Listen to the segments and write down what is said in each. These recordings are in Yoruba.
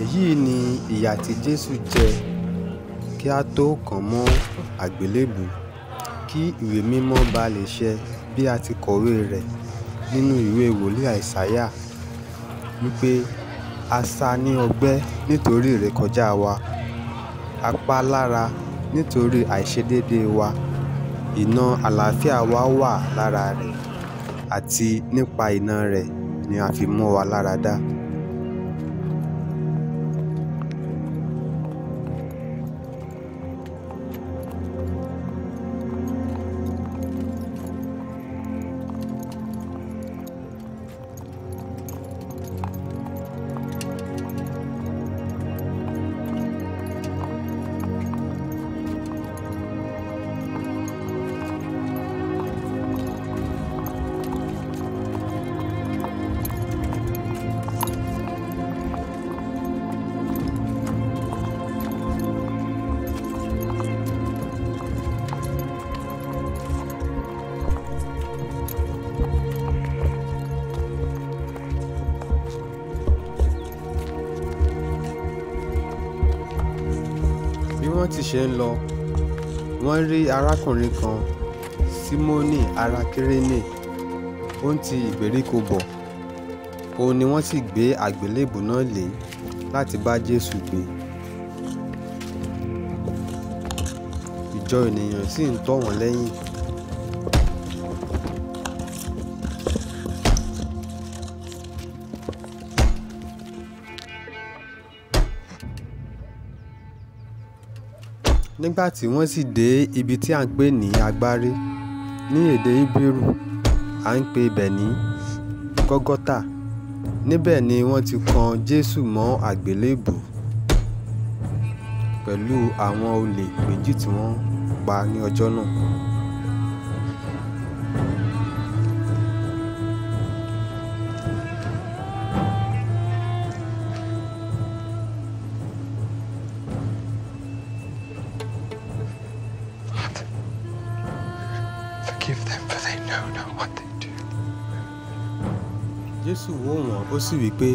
èyí ni ìyà tí jésù jẹ kí a tóó kàn mọ́ àgbélébùú kí ìwé mímọ́ ba lè ṣẹ bí a ti kọ̀wé rẹ̀ nínú ìwé wòlíì àìsáyà wípé a ṣá ní ọgbẹ́ nítorí ìrékọjá wa a pa á lára nítorí àìṣedéédéé wa ìnà àlàáfíà wa wà lára rẹ̀ àti nípa ìnà rẹ̀ ni a fi mọ́ wa lára dá bí wọ́n ti ṣe ń lọ wọ́n rí arákùnrin kan símónì ará kírénè ó ń ti ìgbèríko bọ̀ òun ni wọ́n sì gbé àgbélébù náà lé láti bá jésù gbé ìjọ ènìyàn sì ń tọ̀ wọ́n lẹ́yìn nígbà tí wọ́n sì dé ibi tí à ń pè ní agbárí ní èdè híbérù à ń pè ibẹ̀ ní gọ́gọ́tà níbẹ̀ ni wọ́n ti kan jésù mọ́ àgbélébùú pẹ̀lú àwọn olè méjì tí wọ́n pa ní ọjọ́ náà forgive them for they know not what they do. Jésù wò wọ́n ó sì wí pé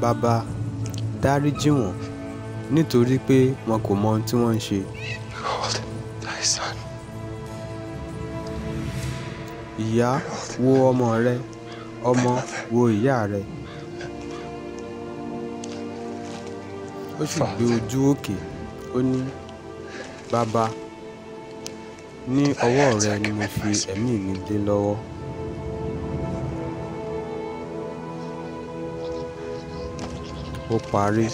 bàbá dáríjì wọ́n nítorí pé wọn kò mọ ohun tí wọ́n ń ṣe. son. Ìyá wo ọmọ rẹ, ọmọ wo ìyá rẹ. Ó sì gbé ojú òkè, ó ní bàbá ní ọwọ́ rẹ ni mo fi ẹ̀mí mi lé lọ́wọ́ ó parí